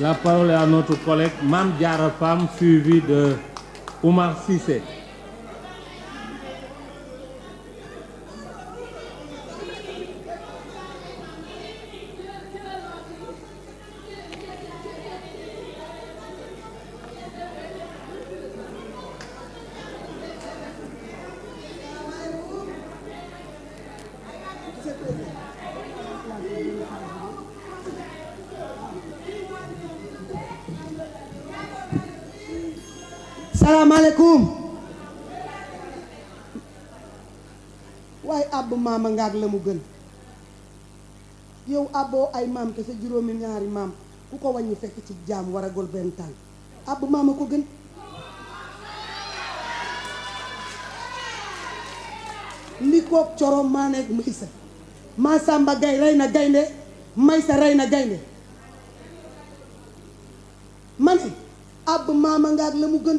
La parole est à notre collègue Mam Fahm, Fam, suivi de Oumar Sissé. asalaamaaleykum waaye àbb maama ngaak la mu gën yow àbboo ay maam te sa juróomi ñaari maam ku ko wàññi fekk ci jaam waragul benn tànk àbb maama ko gën li kook corom maa nekk muy maa sàmba gay rey na gaynde maysa sa rey na gaynde ma ne àbb maama ngaak la mu gën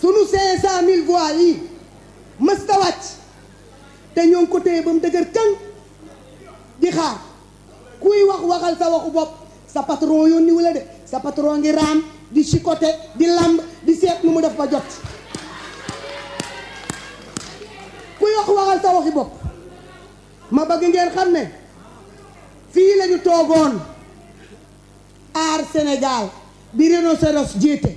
sunu 500000 voix yi mës ta wàcc te ñoo ngi ko téye ba mu dëgër kan di xaar kuy wax waxal sa waxu bopp sa patron yónni wala de sa patron ngi raam di chicoté di lamb di seet nu mu def ba jot kuy wax waxal sa waxi bopp ma bëgg ngeen xam ne fii la ñu toogoon aar Sénégal bi rhinocéros jiite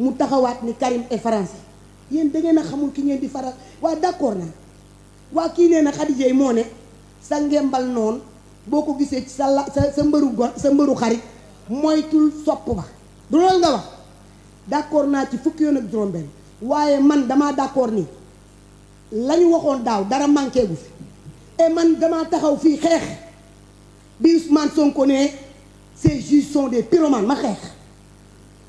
mu taxawaat ni Karim et français yéen da ngeen a xamul ki ngeen di faral waa d'accord naa waa kii nee na Khadija moo ne sa ngembal noonu boo ko gisee sa la sa sa mbëru gon sa mbëru xarit moytul sopp ba du loolu nga wax d'accord naa ci fukk yoon ak juróom-benn waaye man damaa d'accord ni lañu waxoon daaw dara manqué gu fi et man damaa taxaw fii xeex bi Ousmane Sonko ne ces juges sont des pyromanes ma xeex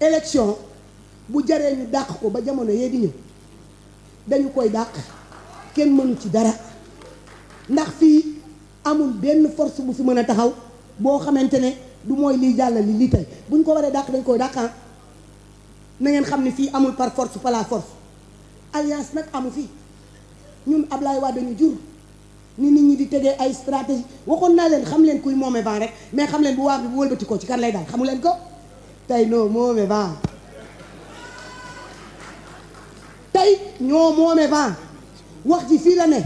élection bu jaree ñu dàq ko ba jamono yee di ñëw dañu koy dàq kenn mënu ci dara ndax fii amul benn force bu fi mën a taxaw boo xamante ne du mooy liy jàll li lii tey buñ ko waree dàq dañ koy dàq ah. na ngeen xam ne fii amul par force par la nag amu fii ñun Ablaye Wade dañu jur ni nit ñi di tegee ay stratégie waxoon naa leen xam leen kuy moome ban rek mais xam leen bu waa bi bu wëlbati ko ci kan lay daal xamu leen ko tey noo moome baa tey ñoo moome baa wax ji fii la ne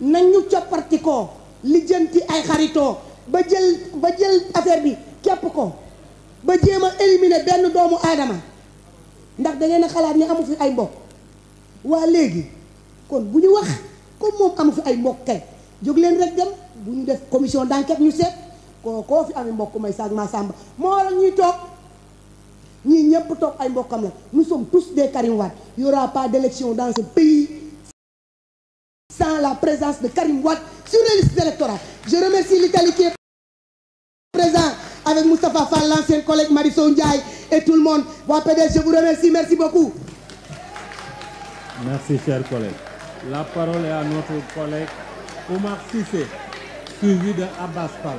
nañu copparti ko lijjanti ay xaritoo ba jël ba jël affaire bi kepp ko ba jéem a éliminer benn doomu aadama ndax da ngeen xalaat ni amu fi ay mbokk waa léegi kon bu ñu wax comme moom amu fi ay mbokk kay jóg leen rek dem bu ñu def commission d'enquête ñu seet koo koo fi amee mbokk may saag ma sàmba moo la ñuy toog nous sommes tous des Karim Il n'y aura pas d'élection dans ce pays sans la présence de Karim sur les listes électorales je remercie l'Italie qui est présent avec Moustapha Fall l'ancien collègue mariso Ndiaye et tout le monde je vous remercie merci beaucoup merci cher collègue. la parole est à notre collègue Omar Sissé, suivi de Abbas Fall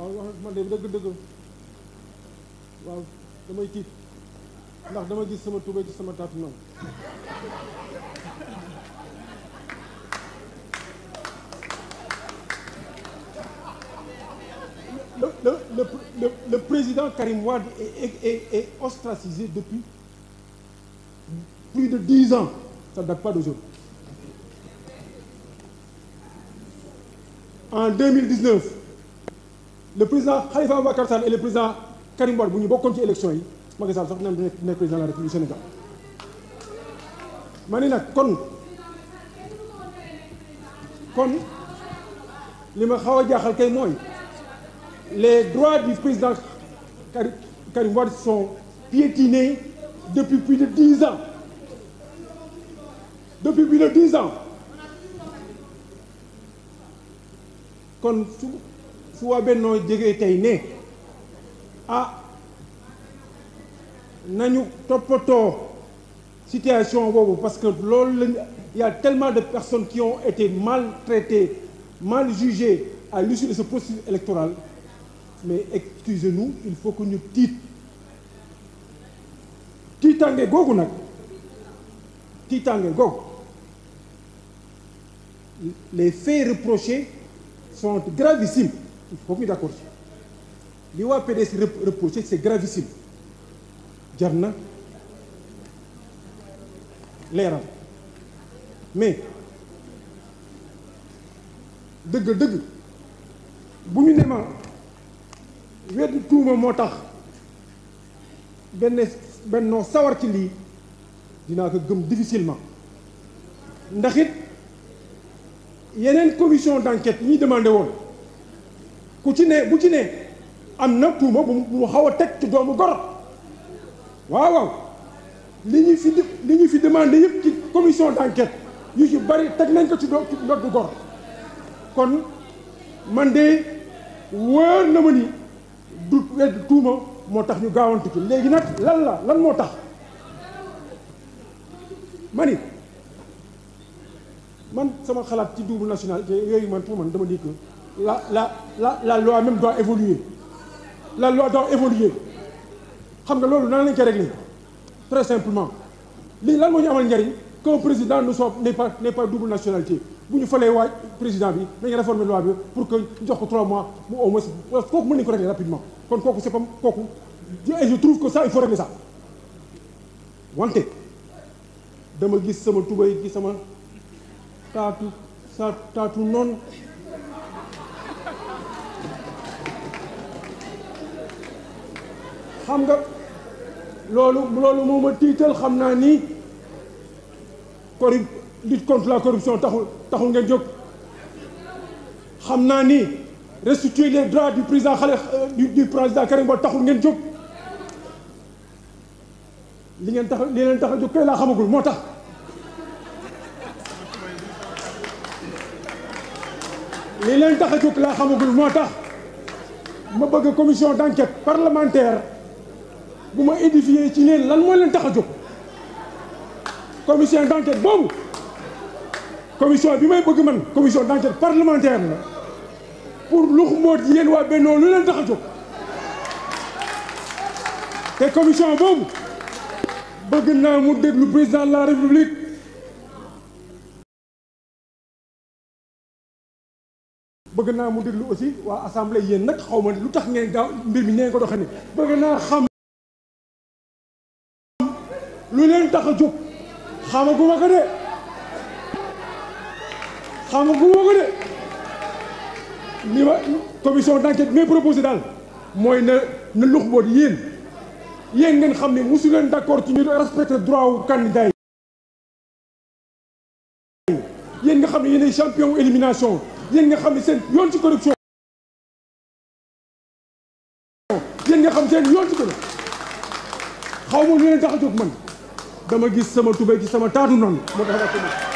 waaw wax man de dëgg-dëgg waaw damay tiit ndax dama gis sama tubéy ci sama taatu noonu Le, le, le, le, président Karim Wade est, est, est, est, ostracisé depuis plus de dix ans. Ça ne date pas d'aujourd'hui. En 2019, le président Khalifa Ababacar Sall et le président Karim Wade bu ñu bokkoon l'élection, élection yi Macky Sall sax président de la République du Sénégal ma ne kon kon li ma xaw les droits du président Karim Wade sont piétinés depuis plus de dix ans depuis plus de dix ans kon il ah nañu situation parce que y a tellement de personnes qui ont été maltraitées mal jugées à l'issue de ce processus électoral mais excusez-nous il faut que nous... tiit les faits reprochés sont gravissimes il faut ñu d' accord ci li waa reproché gravissime Jarna, l'air. mais deug deug buñu néma ne ma wedd tuuma ben ben benn sawar ci li dinaa ko gëm difficilement ndax it yeneen commission d'enquête ñi demandé won ku ci ne bu ci ne am na tuuma bu mu xaw a teg ci doomu gor waaw waaw li ñu fi li ñu fi demandé yëpp ci commission d' enquête yu ci bari teg nañ ko ci doo noddu gor kon man de wër na ma ni du wedd tuuma moo tax ñu gaawantu ci léegi nag lan la lan moo tax mani man sama xalaat ci double national yooyu man tuuma dama di la, loi même doit évoluer. La loi doit évoluer. Vous que nous régler. Très simplement. Ce que nous président n'est pas, double nationalité. Il faut que président bi réformé réformer loi pour que y jox mois au rapidement et je trouve que ça il faut régler ça vous dama xam nga loolu loolu moo ma tiital xam naa ni corru lutte contre la corruption taxul taxul ngeen jóg xam naa ni restituer les droits du président xale du président Karim Wade taxul ngeen jóg li ngeen tax li leen tax a jóg kay laa xamagul moo tax li leen tax a jóg laa xamagul moo tax ma bëgg commission d'enquête parlementaire bu ma édifier ci leen lan moo leen tax commission d'enquête boobu commission bi may bëgg man commission d'enquête parlementaire la pour lux moot yéen waa Bennoo lu leen tax a commission boobu bëgg naa mu déglu président de la république bëgg naa mu déglu aussi waa assemblée yéen nag xaw lu tax ngeen gaaw mbir mi nee ko doxee ni bëgg naa xam lu leen tax a jóg xamaguma ko de xamaguma ko de li ma commission d'enquête may proposé daal mooy na na lux boot yéen yéen ngeen xam ne mosu leen d'accord ci ñu respecté droit wu candidat yi yéen nga xam ne yéen ay champion élimination yéen nga xam ne seen yoon ci corruption yéen nga xam seen yoon ci corruption xaw ma lu leen tax a man dama gis sama tubéy ci sama taatu noonu moo tax